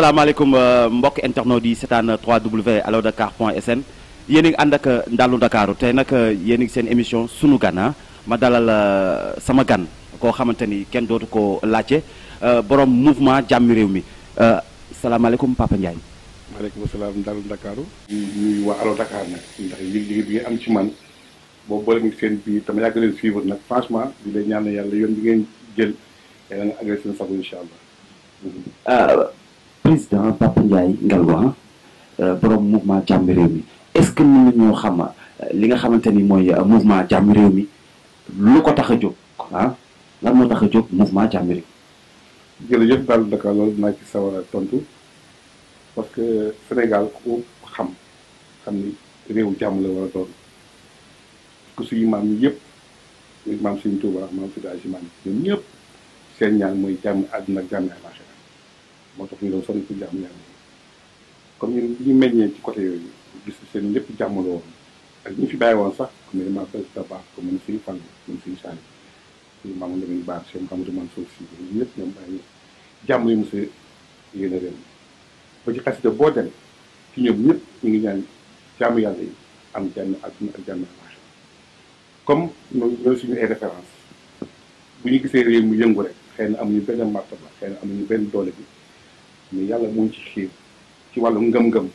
asalaamaaleykum euh, mbokk internautes yi seetaan 3W allo Dakar point sn yéen a ngi ànd Ndalu Ndakaaru tey nag euh, yéen a seen émission sunu gan ah. ma dalal euh, sama gan koo xamante ni kenn dootu ko laajte borom mouvement jàmmi réew mi salaamaaleykum Papa Ndiaye. maaleykum salaam Ndalu Ndakaaru. ñuy waa allo Dakar nag ndax liggéey bi ngeen am ci man boo boole ngi seen biir dama yàgg leen nag franchement di leen ñaan yàlla yoon bi ngeen jël yàlla président Papa Ndiaye Ngalgua euh, borom mouvement jamm réew mi est ce que ñu nañoo xam euh, li nga xamanteni moy euh, mouvement jamm réew mi lu ko taxaju a ah? lan mo taxaju mouvement jamm rew jàmmi réew dal da ka lol dinaa ci sawar tontu parce que Sénégal ko xam xam ni rew jamm la war a doon ku suñu mam yi yëpp maam suñu Tuubaa maam suñu Aji Maalik ñoom ñëpp seen ñaan moy jamm aduna jamm ay alaxira moo tax ñu doon sonn ci jàmm yàlla comme ñun ñu meññee ci côté yooyu gis seen lépp jàmm ak ñu fi bàyyi woon sax comme baax ko suñu fan mën suñu saani suñu maamu Lamine Ba seen Amadou Mansour Sy ñun ñëpp ñoom ay jàmm yu mos a yéene réew ba ci xasida boo dem ci ñoom ñu ngi ñaan jàmm yàlla yi am jàmm ak jàmm àllaaxira comme ñoo ñooy suñu ay référence bu ñu gisee réew mu yëngu rek xëy na amuñu benn martaba xëy na amuñu benn doole bi mu yàlla moo ci xiir ci wàllu ngëm-ngëm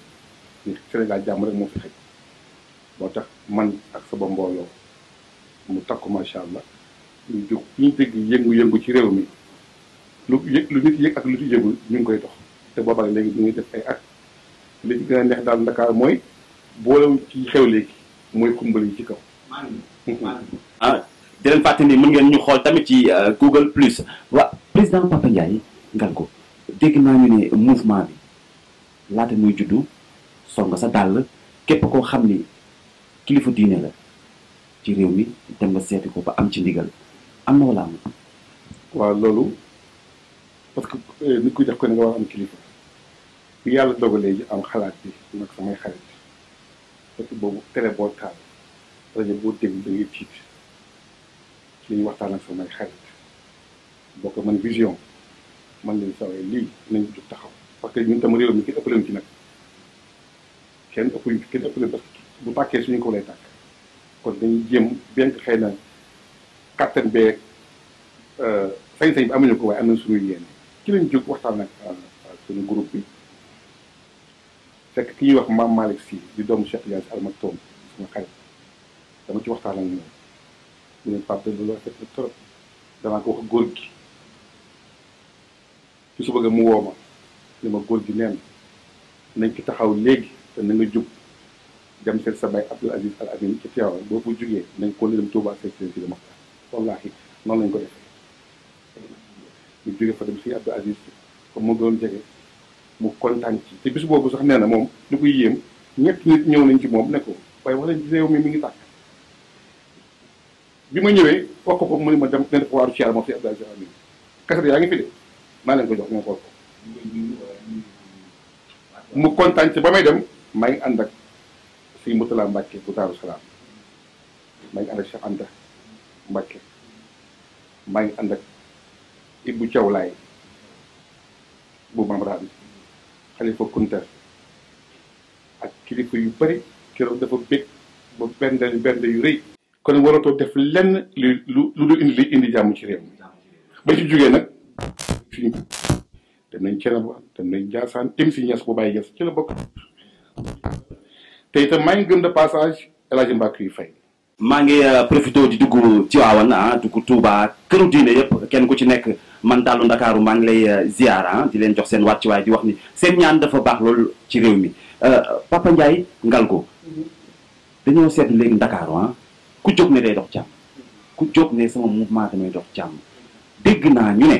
ni Sénégal jàmm rek moo fi xëj boo tax man ak sama mbooloo mu takku macha allah ñu jóg ñu dégg yëngu-yëngu ci réew mi lu yëg lu nit yëg ak lu ci yëgul ñu ngi koy dox te boobaa léegi ñu ngi def ay at li ci gën neex daal Ndakaar mooy boolewu ci xew léegi mooy kumbal yi ci kaw. ah di leen fàttali ni ngeen ñu xool tamit ci euh, Google plus waa président Papa Ndiaye ko dégg naa ñu ne mouvement bi laata muy juddu song sa dàll képp koo xam ni kilifa diine la ci réew mi dem nga seeti ko ba am ci ndigal am na wala am waaw loolu parce que eh, nit ku jox ko ne nga war am kilifa bi yàlla dogalee ji am xalaat bi nag samay xarit boobu télé boo taal rajo boo déglu da tiit ci waxtaan ak samay xarit bokk man vision man leen sawee li nañ jug taxaw parce que ñun tam réew mi ki ëppaleñ ci nak kenn ëppu ñu kenn ëppaluñ parce que bu tàkkee suñu ko lay tak kon dañuy jëm bien que xeyna na kattan euh fay fay bi amuñu ko way amna suñu yéne ci lañ jóg waxtaan nak euh, suñu groupe bi fekk ki wax mam malik si di doom Cheikh Yass al maktoum sama xarit dama ci waxtaan ak ñoom ñu ne Pape de Lula trop dama ko wax gorki ci suba ga mu woo ma ni ma góor gi neen nañ ci taxaw léegi te na nga jub dem seet sa bay Abdoul Aziz Al Amin ci Tiwaawan boo fa nañ ko ne dem Touba seet seen si dama wallaahi noonu lañ ko defee ñu jóge fa dem si Abdoul Aziz comme mu doon jege ci te boobu sax nee na moom lu koy yéem ñett nit ñëw nañ ci moom ne waaye wax leen ci réew mi mi ngi tàkk bi ma ñëwee wax ko ko mu ne ma dem ne def waaru ci yàlla moom si Abdoul Aziz Amin kaset yaa ngi fi de malen ko jox mo ko mu kontaan bamay dem may andak maa ngi si Moutala Mbacke ko Daaru salam may andak Cheikh Anta Mbacke may andak ànd ak Ibou Thiaw bu Mamraan Khalifa Kunta ak kilifa yu bari kero dafa bekk ba bendal bend yu rëy kon waratoo def len lu lu indi indi jàmm ci rew ba ci jógee nak fii dem nañ Thiénaba dem nañ Ndiassane dem si Niass bu bàyyi Niass ci la bokk te itam maa ngi gëm de passage El Hadj Mbacke yu fay. maa ngi euh, profité di dugg Tiwaawan ah dugg Touba këru diine yëpp kenn ku ci nekk man dalu Ndakaaru maa ngi lay euh, ziar ah di leen jox seen wàccuwaay di wax ni seen ñaan dafa baax loolu ci réew mi euh, Papa ngal Ngalgou dañoo seet léegi Ndakaaru ah ku jóg ne day dox jàmm ku jóg ne sama mouvement damay dox jàmm dégg naa ñu ne.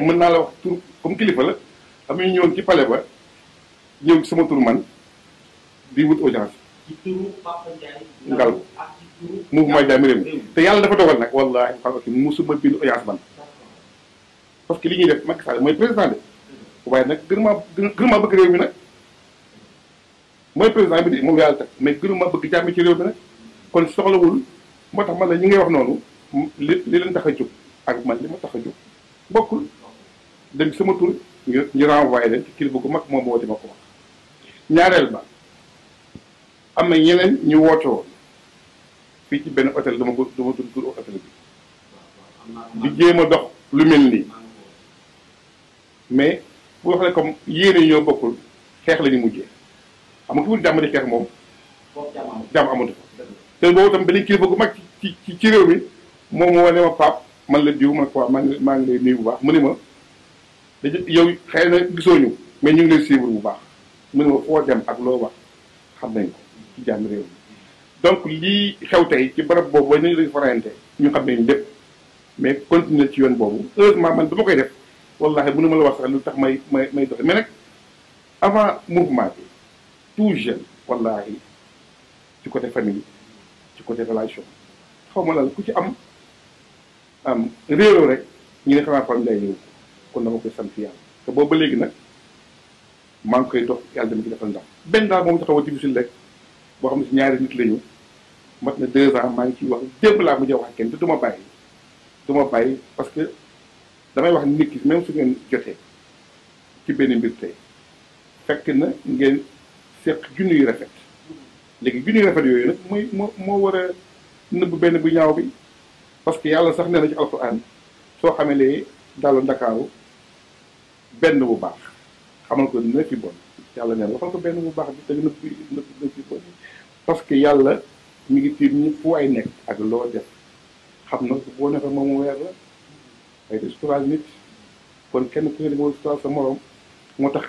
mën naa la wax tur comme kilifa la am ñu ñëwoon ci palais ba ñëw ci sama tur man di wut audience. ci Ngal mouvement Ndiaye mi réew yàlla dafa dogal nag wallaahi xam nga musuma bind audience man. parce que li ñuy def Macky Sall mooy président de. waaye nag gën maa gën maa bëgg réew mi nag mooy président bi de moom yàlla tax mais gën maa bëgg jàmm ci réew mi nag kon soxlawul moo tax man la ñi ngay wax noonu li li leen tax a jóg ak man li ma dem sama tur ñu renvoyé leen ci kilifa gu mag moom woote ma ko wax ñaareel ba am na ñeneen ñu woote woon fii ci hôtel dama dama hôtel bi di a dox lu mais bu wax ne comme yéene ñoo bokkul xeex la ñu mujjee xam nga fu jàmm di xeex moom jàmm amatu fa te boobu tam benn kilifa ci ci réew ma man la diw man quoi man lay dañu yow xëy na gisoo ñu mais ñu ngi lay suivre bu baax mu ne ma foo dem ak loo wax xam nañ ko ci jàmm réew mi donc lii xew tey ci barab boobu ba nañu lañ farante ñu xam nañ lépp mais continuer ci yoon boobu ma man dama koy def wallahi mënu ma la wax sax lu tax may may may doxe mais nag avant mouvement bi tout jeune wallahi ci côté famille ci côté relation xaw ma lan ku ci am am réeroo rek ñu ne xamaa famille lay ñëw kon dama koy sant yàlla te boobu ba léegi nag maa ngi koy dox yàlla dama ci defal ndam benn daal moom taxaw a difficile rek boo xam ne si ñaari nit la ñu na deux ans maa ngi ciy wax démb laa mujjee wax ak kenn te ma bàyyi du bàyyi parce que damay wax nit ki même su ngeen jotee ci benn mbir tey fekk na ngeen seq junni yu rafet léegi junni yu rafet yooyu nag mooy moo moo war a nëbb benn bu ñaaw bi parce que yàlla sax nee na ci alxuraan soo xamee ne daal Ndakaaru benn bu baax xamal ko dina fi bon yàlla neen waxal ko benn bu baax bi te dina fi dina bon parce que yàlla mi ngi tiim waay nekk ak loo def xam na boo nekkee moom weer la ay suturaal nit kon kenn ku ne di suturaal moo tax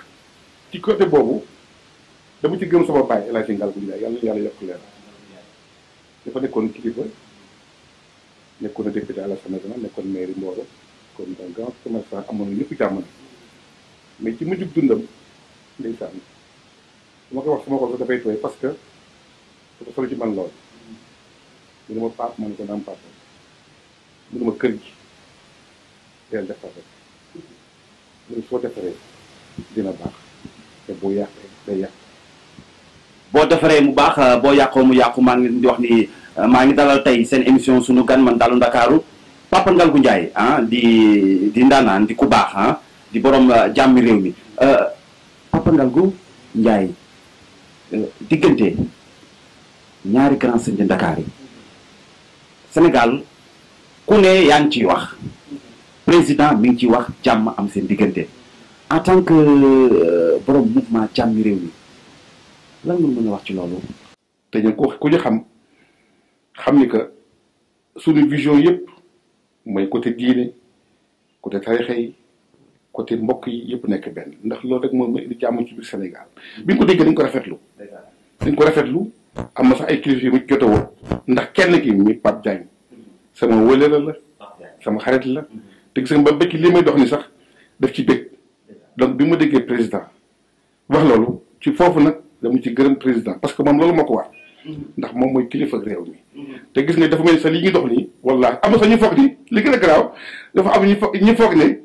ci côté boobu ci gëm sama baay El Hadj Ngal bu yàlla yàlla yokk leen dafa nekkoon kilifa nekkoon na député à l'Assemblée nationale nekkoon maire Mboro kon donc grand commerçant amoon na ñëpp jàmm mais ci mujjug dundam ndeysaan dama ko wax sama xol ko dafay tooy parce que dafa solo ci man lool mu ne ma paap ma ne ko naam paap mu ne ma kër gi del defar rek mu ne soo defaree dina baax te boo yàqee day yàq boo defaree mu baax euh, boo yàqoo mu yàqu maa ngi di wax ni euh, maa ngi dalal tey seen émission sunu gan man dalu ndakaaru papa ngal gu njaay ah di di ndanaan di ku baax ah di borom eh, jammi rew eh, mi papa ndangu njaay eh, digënté ñaari grand seigne dakar senegal sénégal ku ne yaa ci wax président mi ci wax jàmm am seen digënté en tant que borom mouvement jammi rew mi lan nga mëna wax ci lolu te ñu ko ku ñu xam xam ni que suñu vision yépp mooy côté diine côté tarixa côté mbokk yi yëpp nekk benn ndax loolu rek moom indi jàmm ci biir Sénégal bi ñu ko déggee dañ ko rafetlu dañ ko rafetlu am na sax ay kilifa yu mu jot a ndax kenn ki mi Pape Diagne sama wëlëla la sama xarit la te gis ba bëcc li may dox ni sax daf ci dégg donc bi mu déggee président wax loolu ci foofu nag dama ci gërëm président parce que moom loolu moo ko war ndax moom mooy kilifa réew mi te gis nga dafa mel ni sax li ñu dox nii wallaahi am na sax ñu foog ni li gën a garaaw dafa am ñu foog ñu foog ne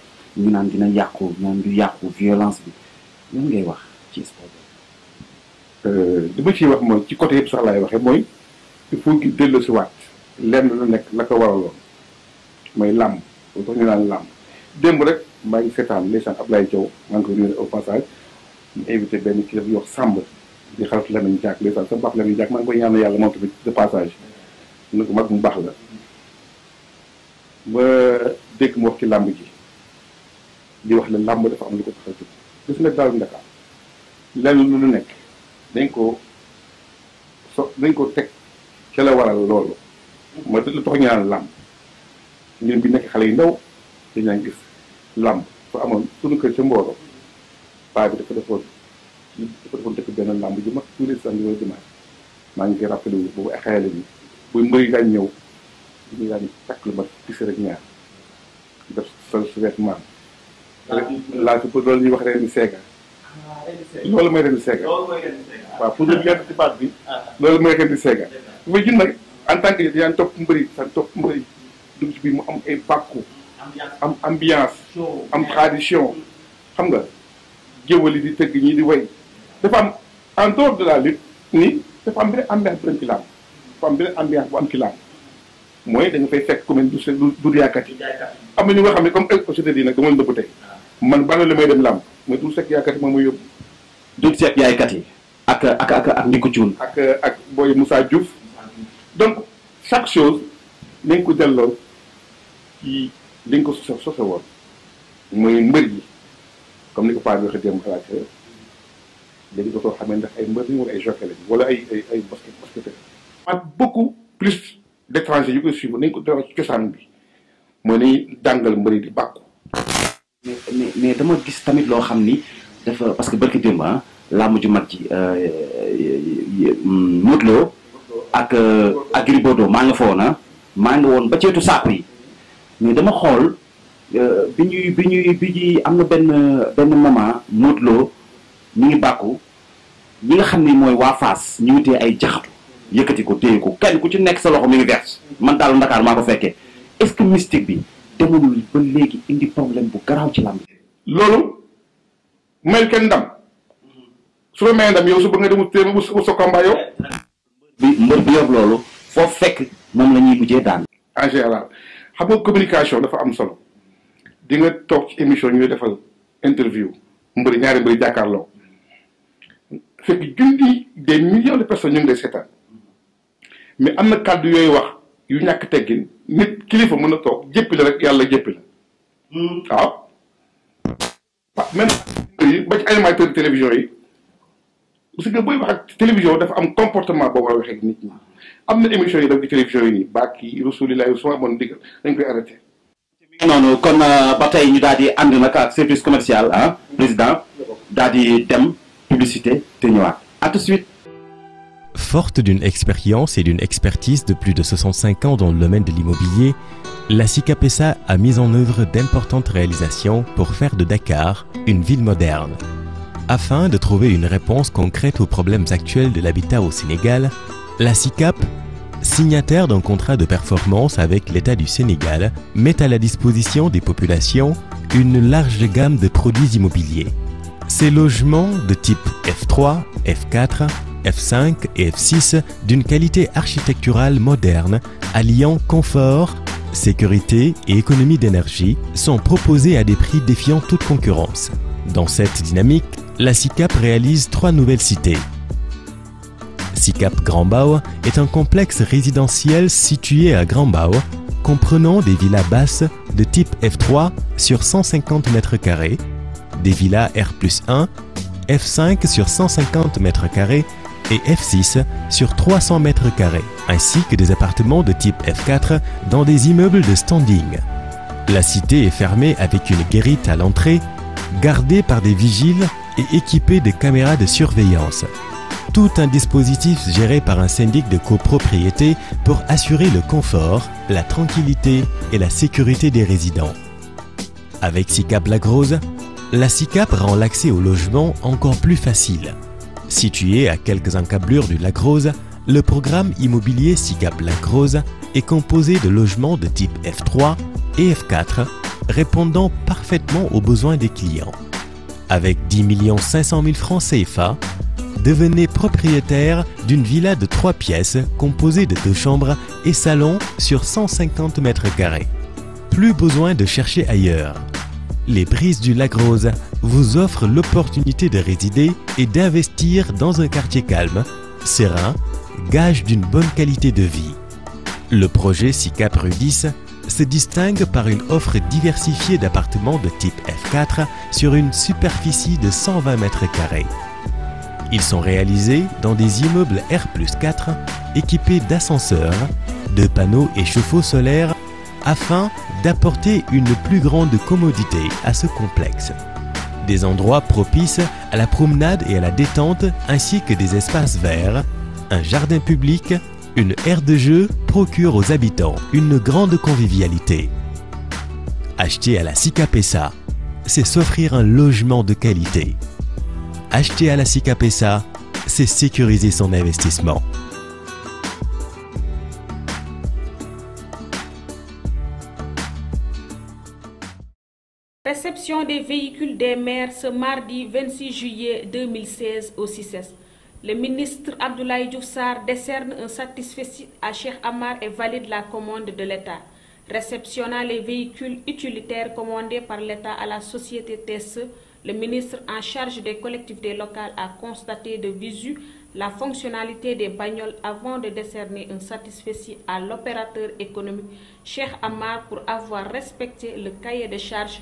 ñu naan dina yàqu ñoom du yàqu violence bi lan ngay wax ci sport bi. Euh, li ma ciy wax mooy ci côté yëpp sax laay waxee mooy il faut que dellusiwaat lenn lu nekk la ko waraloon mooy làmb loolu tax ñu naan làmb démb rek maa ngi seetaan ndeysaan Ablaye Thiaw maa ngi koy nuyu au passage mu benn kii dafa yox sàmb di xalat Lamine Diack ndeysaan sa baax Lamine Diack maa ngi koy ñaanal yàlla moom tamit de passage na ko mag mu baax la ba dégg mu wax ci làmb ji di wax ne làmb dafa am lu ko tax gis nga daaw Ndakaar lenn nekk dañ ko dañ ko teg ca la waral loolu mooy lu tax ñaan làmb ñun bi nekk xale yi ndaw dañaan gis làmb fa amoon suñu kër ci mbooloo paa bi dafa defoon dafa defoon dëkk benn làmb ju mag tous les samedi wala dimanche maa ngi koy rappelé wu boobu ay xayale bi daan ñëw takk lu mat fukki rek ñaar def sa su vêtement laa ci poudre loolu ñuy wax ren seega ah, loolu mooy ren seega waaw poudre bi ci baat bi ah, ah. loolu mooy ren seega bu fay jun nag en tant que yaa ngi topp mbëri sa topp mbëri dugg ci biir mu am ay bàkku am ambiance am tradition xam nga géwali di tëgg ñii di way dafa am en dehors de la lutte ni dafa am benn ambiance bu am ci laam dafa am benn ambiance bu am ci laam mooy da nga fay fekk commune du du du yaakaar yi am na ñu nga xam ne comme ay société yi nag da nga leen dëbb tey man bala la may dem làmb mais du sekk yaaykat yi moom mooy yóbbu. du sekk yaaykat yi. ak ak ak ak Ndiku Cuun. ak ak booy Moussa Diouf. donc chaque chose nañ ko delloo ci liñ ko sos sose woon mooy mbër yi comme ni ko Paa bi waxee démb xalaat léegi dootoo xamee ndax ay mbër lañu ay jockey lañu wala ay ay ay basket basket. ak beaucoup plus d'étrangers yu koy suivre nañ ko delloo ci cosaan bi mooy nañu dàngal mbër yi di bàkku. mais mais dama gis tamit loo xam ni dafa parce que barki démb ah ju mat ji euh, mm, Modou Lo ak euh, ak Gris Bordeaux maa nga fa woon ah maa nga woon ba ceetu saako yi mais dama xool euh, bi ñuy bi ñuy bi ñuy am na benn benn moment ñu ngi bàkku ñi nga xam ni mooy waa ñu ngi ay jaxatu yëkkati ko téye ko kenn ku ci nekk sa loxo bi. demalul ba léegi indi problème bu garaaw ci làmb loolu may kenn ndam su la may ndam yow su ba nga dem ut téeméer ut sa yow. bi mbër bu yor loolu. foofu fekk moom la ñuy mujjee daan. en général xam nga communication dafa am solo di nga toog ci émission ñuy defal interview mbëri ñaari mbëri jàkkaarloo fekk junni de millions de personnes ñu ngi lay seetaan mais am na kàddu yooyu wax yu ñàkk teggin. nit kilifa mën a toog jëppi la rek yàlla jëppi la hmm. waaw maintenant yi ba ci animateur télévision yi parce que booy wax ak télévision dafa am comportement boo war a waxee ak nit ñi am na émission yi daf ci télévision yi nii bàkk yi rasulilahi suma amoon ndigal dañ koy arrêté noonu kon euh, ba tey ñu daal di ànd nag ak service commercial ah président daal di dem publicité te ñëwaat à tout de suite Forte d'une expérience et d'une expertise de plus de 65 ans dans le domaine de l'immobilier, la CICAPESA a mis en œuvre d'importantes réalisations pour faire de Dakar une ville moderne. Afin de trouver une réponse concrète aux problèmes actuels de l'habitat au Sénégal, la CICAP, signataire d'un contrat de performance avec l'État du Sénégal, met à la disposition des populations une large gamme de produits immobiliers. Ces logements de type F3, F4, F5 et F6 d'une qualité architecturale moderne, alliant confort, sécurité et économie d'énergie, sont proposés à des prix défiant toute concurrence. Dans cette dynamique, la SICAP réalise trois nouvelles cités. SICAP Grandbau est un complexe résidentiel situé à Grand Bau, comprenant des villas basses de type F3 sur 150 mètres carrés, des villas R1 F5 sur 150 mètres carrés et F6 sur 300 mètres carrés, ainsi que des appartements de type F4 dans des immeubles de standing. La cité est fermée avec une guérite à l'entrée, gardée par des vigiles et équipée de caméras de surveillance. Tout un dispositif géré par un syndic de copropriété pour assurer le confort, la tranquillité et la sécurité des résidents. Avec SICAP Lagrose, la SICAP rend l'accès au logement encore plus facile. Situé à quelques encablures du lac Rose, le programme immobilier SIGAP Lac Rose est composé de logements de type F3 et F4 répondant parfaitement aux besoins des clients. Avec 10 500 000 francs CFA, devenez propriétaire d'une villa de 3 pièces composée de deux chambres et salon sur 150 mètres carrés. Plus besoin de chercher ailleurs les Brises du Lac Rose vous offrent l'opportunité de résider et d'investir dans un quartier calme, serein, gage d'une bonne qualité de vie. Le projet SICAP Rudis 10 se distingue par une offre diversifiée d'appartements de type F4 sur une superficie de 120 mètres carrés. Ils sont réalisés dans des immeubles R4 équipés d'ascenseurs, de panneaux et chauffe-eau solaires afin d'apporter une plus grande commodité à ce complexe. Des endroits propices à la promenade et à la détente ainsi que des espaces verts, un jardin public, une aire de jeu procurent aux habitants une grande convivialité. Acheter à la PESA, c'est s'offrir un logement de qualité. Acheter à la pesa c'est sécuriser son investissement. Réception des véhicules des maires ce mardi 26 juillet 2016 au CICES. Le ministre Abdoulaye Djoussar décerne un satisfait à Cheikh Amar et valide la commande de l'État, réceptionnant les véhicules utilitaires commandés par l'État à la société TSE. Le ministre en charge des collectivités locales a constaté de visu la fonctionnalité des bagnoles avant de décerner un satisfait à l'opérateur économique Cheikh Amar pour avoir respecté le cahier de charges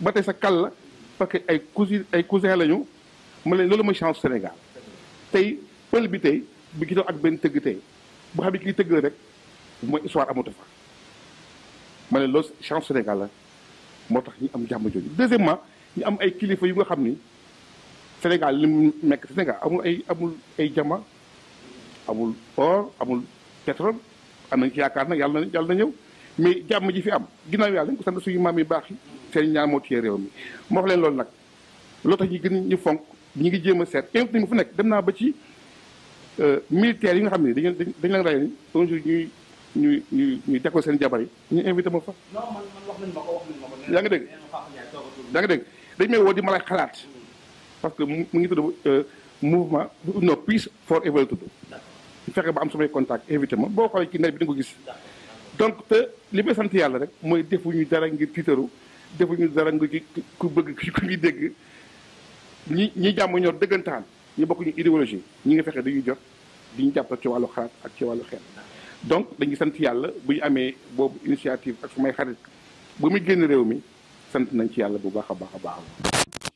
ba tey sa kal la parce que ay cousin ay cousin lañu ma leen loolu ma chance Sénégal tey pël bi tey bi ki doon ak benn tëgg tey bu xam ne kii tëgg la rek mooy histoire amatu ma ne loolu chance Sénégal moo tax ñu am jàmm jooju deuxièmement ñu am ay kilifa yu nga xam ni Sénégal li mu nekk Sénégal amul ay amul ay jama amul or amul pétrole am na ci yaakaar nag yàlla na yàlla na ñëw mais jàmm ji fi am ginnaaw yàlla dañ ko sant suñu maam yu baax yi Serigne Niang moo téye réew mi moo wax loolu nag loo tax ñu gën ñi fonk ñi ngi jéem a seet invité ma fu nekk dem naa ba ci euh, militaires yi nga xam ne dañu dañu leen rey un jour ñuy ñuy ñuy ñuy dekkoo seen jabar yi ñu invité ma fa. non man man wax nañ ma ko wax yaa ngi dégg dañ may woo di xalaat parce que mu ngi tudd euh, mouvement no peace for evil tudd. bu fekkee ba am samay contact invité ma boo xoolee ci net bi di ko gis. donc te li may sant yàlla rek mooy defuñu dara ngir tiitaru. defuñu dara nga ci ku bëgg ku ngi dégg ñi ñi jàmm ñor dëggantaan ñu bokkuñu idéologie ñi nga fexe dañuy jot di ñu jàppal ci wàllu xalaat ak ci wàllu xel donc dañuy sant yàlla bu ñu amee boobu initiative ak sumay xarit ba muy génn réew mi sant nañ ci yàlla bu baax a baax a baax.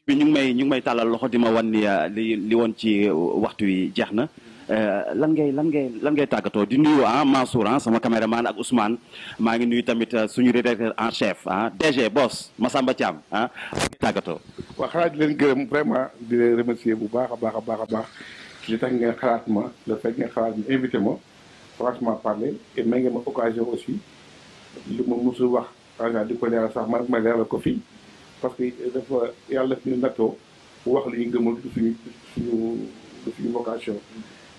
bi ñu ngi may ñu ngi may tàllal loxo di ma wan ni li li woon ci waxtu yi jeex na. Eh, lan ngay lan ngay lan ngay tàggatoo di nuyu ah Mansour ah sama caméraman ak Ousmane maa ngi nuyu tamit eh, suñu rédacteur en chef ah DG boss Massamba Thiam ah tàggatoo. waaw xanaa leen gërëm vraiment di leen remercier bu baax a baax a baax a baax li tax ngeen xalaat ma le fait ngeen xalaat ma invité ma franchement parler et may ngeen ma occasion aussi lu ma musul wax agent di ko leeral sax man ma a ko fii parce que eh, dafa yàlla daf ñu nattoo wax li ñu gëmul du suñu vocation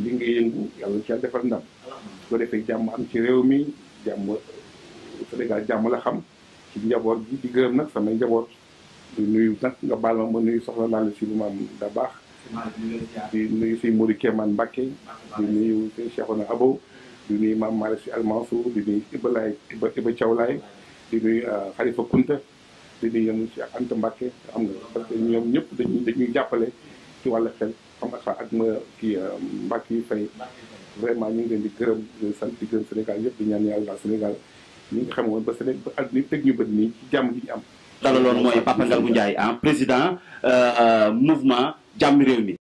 li nga yëngu yàlla ci yàlla defal ndam su defee jàmm am ci réew mi jàmm Sénégal jàmm la xam ci njaboot bi di gërëm nag samay njaboot di nuyu nag nga baal ma ma soxla naa si lu maam da baax di nuyu si Mori Kéman Mbacke di nuyu si Cheikhouna Abo di nuyu maam Malick si Almansour di nuyu Iba Laay Iba Iba Thiaw Laay di nuyu euh, Khalifa Kunta di nuyu ci si Anta Mbacke am nga ñëpp dañuy dañuy jàppale ci wàllu xel ak ma kii Mbacké Faye vraiment ñu ngi leen di gërëm di sant di gërëm Sénégal yëpp di ñaan yàlla Sénégal ñi nga xam woon ba Sénégal ba at li teg ñu bët nii ci jàmm gi ñu am dalaloon mooy Papa Ngalgou Ndiaye président eh, eh, mouvement jàmm réew mi